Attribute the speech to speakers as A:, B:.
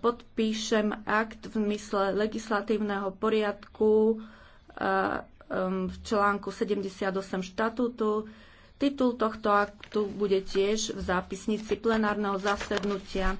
A: podpíšem akt v mysle legislatívneho poriadku eh, v článku 78 štatútu. Titul tohto aktu bude tiež v zápisnici plenárneho zasednutia.